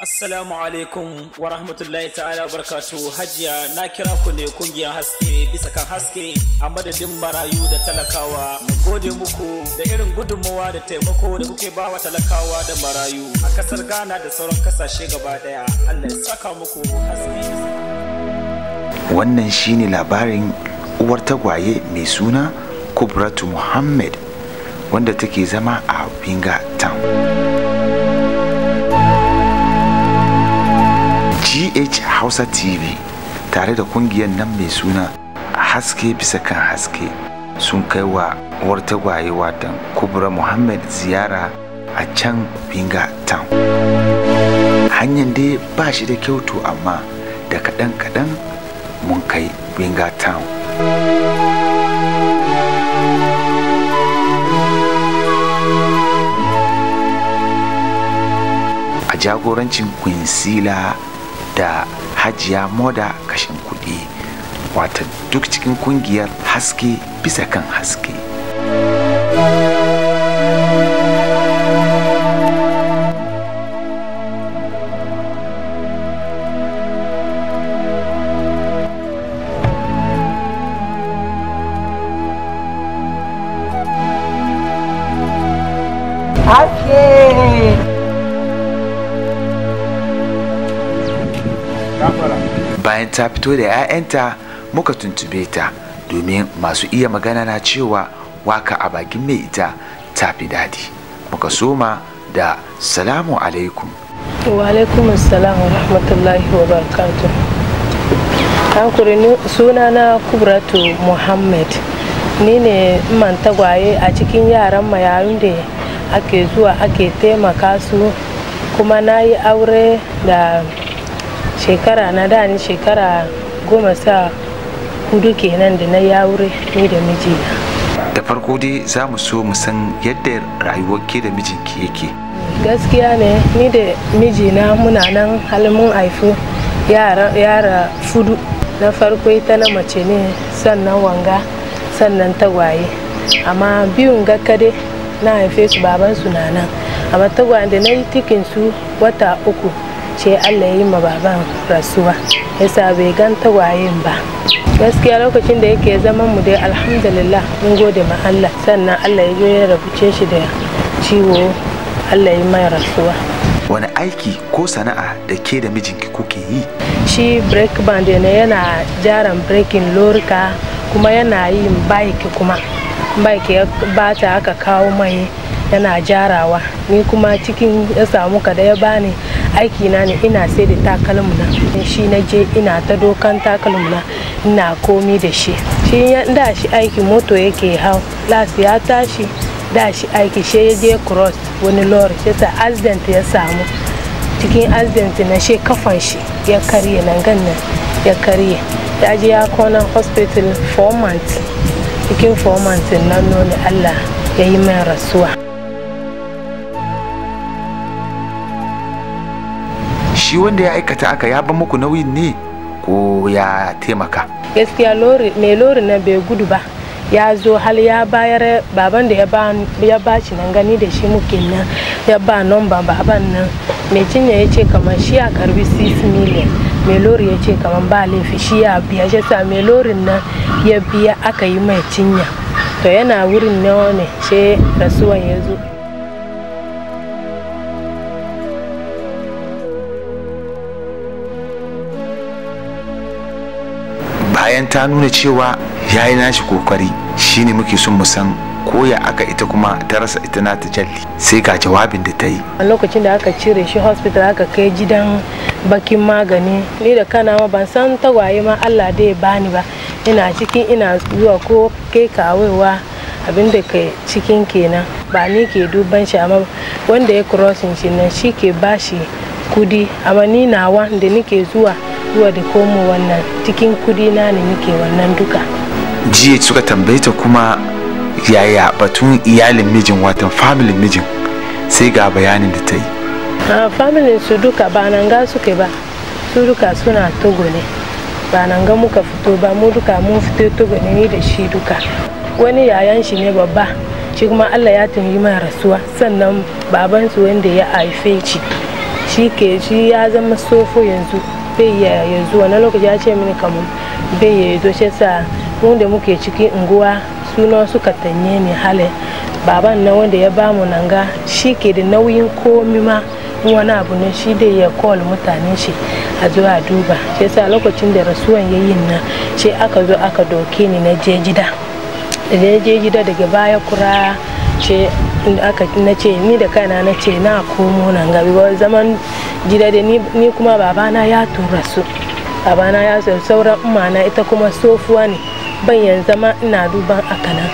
Assalamu alaikum wa rahmatullahi ta'ala barkatu hajiya na kira ku ne kungiyar haske bisa kan haske a madadin marayu da talakawa mu gode muku da irin gudunmawa da taimako da kuke ba wa talakawa da marayu a kasar Ghana da sauran kasashe gaba daya Allah ya saka muku haske wannan shine labarin uwar tagwaye mai suna Kubratu Muhammad wanda take zama a Binga Town BH Hausa TV tare da kungiyar nan mai suna haske bisa kan haske sun kai wa uwar tagwayewa watan kubra muhammad ziyara a can binga town hanyar dai ba shi da kyautu amma da kaɗan-kaɗan mun kai binga town a jagorancin kwinsila da hajiya moda kashin kuɗi wata duk cikin kungiyar haske bisa kan haske Haske! bayan ta fito da 'ya'yanta muka tuntube ta domin masu iya magana na cewa waka a bakin mai ita ta fi daɗi muka soma da salamu alaikum wa alaikum assalam wa rahmatullahi wa barakatu hankuri suna kubratu muhammad ni ne man tagwaye a cikin yaran mayarun da ake zuwa ake taimaka su kuma na yi aure da shekara na da ni shekara goma sa hudu kenan da na wuri ni da mijina da farko dai za mu so mu san yadda rayuwar ke da mijinki yake gaskiya ne ni da mijina muna nan halin aifu yara, yara fudu na farko ita na mace ne sannan wanga sannan tagwaye amma biyun gakkade na haife su babansu na nan amma tagwaye da na yi tikin su wata uku ce allah ya yi ma baban rasuwa yasa bai gan tagwayen ba gaskiya lokacin da yake zaman mu dai alhamdulillah mun gode ma allah sannan allah ya zo ya rabuce shi da ciwo allah ya mai rasuwa wani aiki ko sana'a da ke da mijinki kuke yi shi break band ne yana jaran breaking lorika kuma yana yin bike kuma bike ya bata aka kawo mai yana jarawa ni kuma cikin ya samu kada ya bani aiki na ne ina sai da takalmuna shi na je ina ta dokan takalmuna ina komi da shi shi da shi aiki moto yake hau las ya tashi da shi aiki shi ya je cross wani lorry shi ta accident ya samu cikin accident na shi kafan shi ya karye nan gannan ya karye ya je ya kona hospital 4 months cikin 4 months nan allah ya yi mai rasuwa shi wanda ya aikata aka ya ban muku nauyin ne ko ya taimaka gaskiya mai lori na bai gudu ba ya zo hal ya bayar baban da ya ba shi nan gani da shi muke nan ya ba nomba baban nan mai cinya ya ce kamar shi ya karbi 6 million mai lori ya ce kamar ba laifi shi ya biya shi sa mai lorin nan ya biya aka yi mai cinya to yana wurin nawa ne ce rasuwan ya zo bayan ta nuna cewa ya yi nashi kokari shine muke son mu san koya aka ita kuma ta rasa ita na ta jalli sai ga jawabin da ta yi a lokacin da aka cire shi hospital aka kai gidan bakin magani ni da kana ma ban san tagwaye ma allah da ya bani ba ina cikin ina zuwa ko kai kawaiwa abin da ke cikin kenan ba ni ke duban shi amma wanda ya crossing shi nan shi ke bashi kudi amma ni nawa da nike zuwa zuwa da komo wannan cikin kudi na ne muke wannan duka jiya suka tambaye ta kuma yaya batun iyalin mijin watan familin mijin sai ga bayanin da ta yi a familin su duka ba nan ga suke ba su duka suna togo ne ba nan ga muka fito ba mu duka mun fito togo ne ni da shi duka wani yayan shi ne babba shi kuma allah ya yi mai rasuwa sannan babansu wanda ya haife shi shi ke shi ya zama sofo yanzu bai ya zuwa na lokaci ya ce mini kamar bai ya zo shi sa muke cikin unguwa suna su katanye ne hale baban na wanda ya bamu mu ga shi ke da nauyin komi ma wani abu ne shi dai ya call mutanen shi a zo a duba shi sa lokacin da rasuwan ya yi na shi aka zo aka doke ni na je gida da je gida daga baya kura ce inda aka na ce ni da kaina na ce na komo nan gabi ba zaman gida da ni kuma babana ya tura su babana ya tura sauran umana ita kuma sofuwa ne bayan zama ina duban aka nan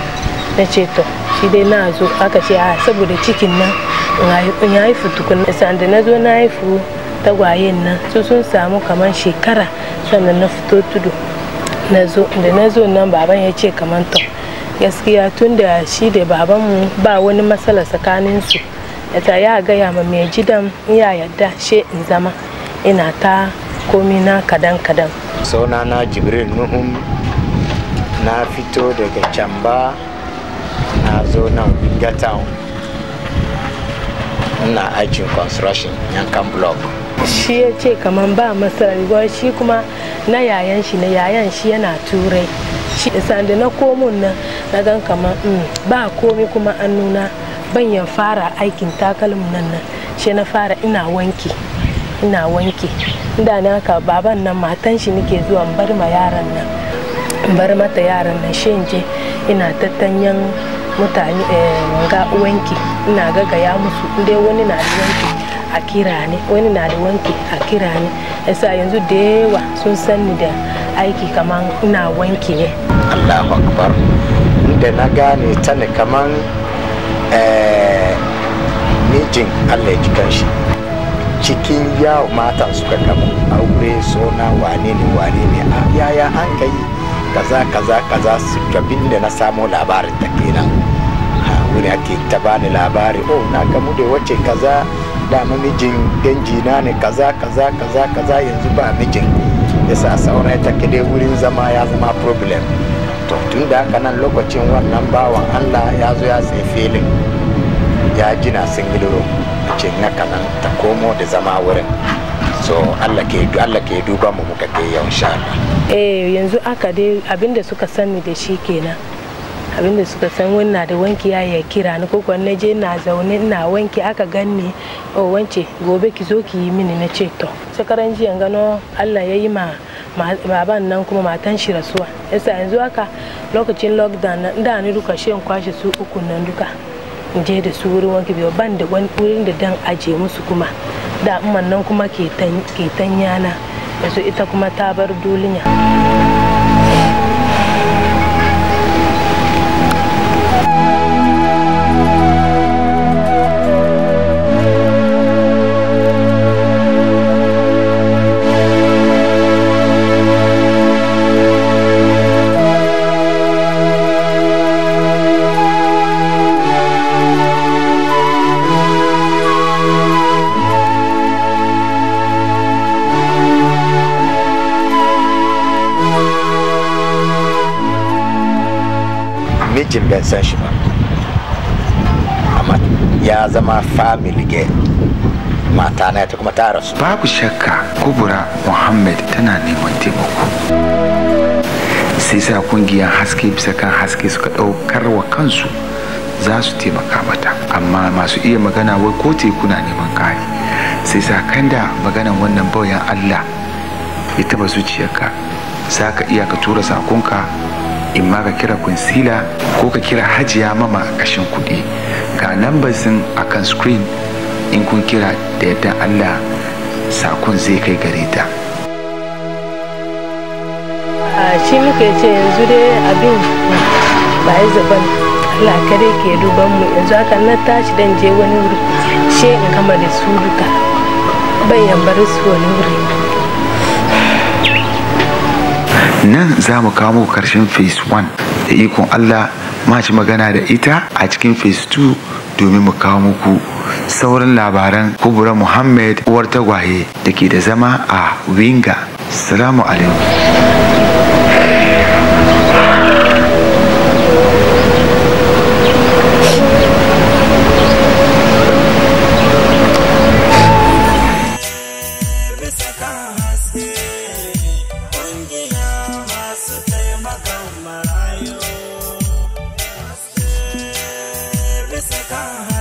na ce to shi dai na zo aka ce a saboda cikin nan in ya haifu tukun sanda na zo na haifu tagwayen nan su sun samu kamar shekara sannan na fito tudu na zo da na zo nan baban ya ce kamar to gaskiya tun da shi da babanmu ba wani matsala tsakaninsu da ya gaya ma mai gidan ya yadda she in zama ina ta komi na kadan kadan na jibril nuhum na fito daga camba na zo nan winger town ina aikin construction yankan block shi ya ce kamar ba masarar shi kuma na yayan shi na yayan shi yana turai shi da na komun nan na gan kamar mm, ba komi kuma an nuna ban ya fara aikin takalmin nan nan she na fara ina wanki ina wanki inda na ka baban nan matan shi nake zuwa bar ma yaran nan bar mata yaran nan she je ina tattanyan mutane eh, ga wanki ina ya musu dai wani na da wanki a kira ne wani na da wanki a kira ne yasa yanzu da yawa sun sanni da aiki kamar ina wanki ne allahu akbar inda na gane ta ne kaman eh, mijin allah ya jikan shi cikin yawo mata suka gama aure sona wane ne wane ne a yaya an kai kaza kaza kaza su gabin da na samo labarin ta kenan wani ake ta bani labari oh na gamu da wace kaza da mijin danji na ne kaza kaza kaza kaza yanzu ba mijin yasa saura ta kide wurin zama ya zama problem to tun da haka nan lokacin wannan bawan allah ya zo ya tsaye filin ya gina single room a ce na kanan ta komo da zama wurin so allah ke allah ke duba mu muka kai yau sha eh yanzu aka dai abinda suka sani da shi kenan abinda suka san wannan da wanki ya ya kira ni ko na je na zaune na wanki aka ganni o wance gobe ki zo ki yi mini na ce to shekaran jiya gano Allah ya yi ma baban nan kuma matan shi rasuwa yasa yanzu haka lokacin lockdown da ni duka shi kwashe su uku nan duka in je da su wurin wanki biyu ban da wurin da dan aje musu kuma da nan kuma ke tanyana yanzu ita kuma ta bar dulinya. lokacin bai san shi ba amma ya zama family girl mata na ta kuma ta rasu babu shakka kubura muhammad tana neman taimako sai sa kungiyar haske bisa kan haske suka ɗaukar wa kansu za su taimaka mata amma masu iya magana wai ko tekuna neman kare sai sa kan da maganan wannan bauyan allah ya taba zuciyarka za ka iya ka tura sakonka in ma ka kira kunsila ko ka kira hajiya mama a kashin kuɗi ga lambazin kan screen in kun kira da yadda allah sakon zai kai gare ta shi muke ce yanzu dai abin ba ya zaban allah ke duban mu yanzu haka na tashi dan je wani wuri she in kama da su duka bayan bar su wani wuri nan za mu kawo muku karshen phase 1 da ikon allah ma ci magana da ita a cikin phase 2 domin mu kawo muku sauran labaran kubura muhammad uwar tagwaye da ke da zama a winga salamu alaikum time.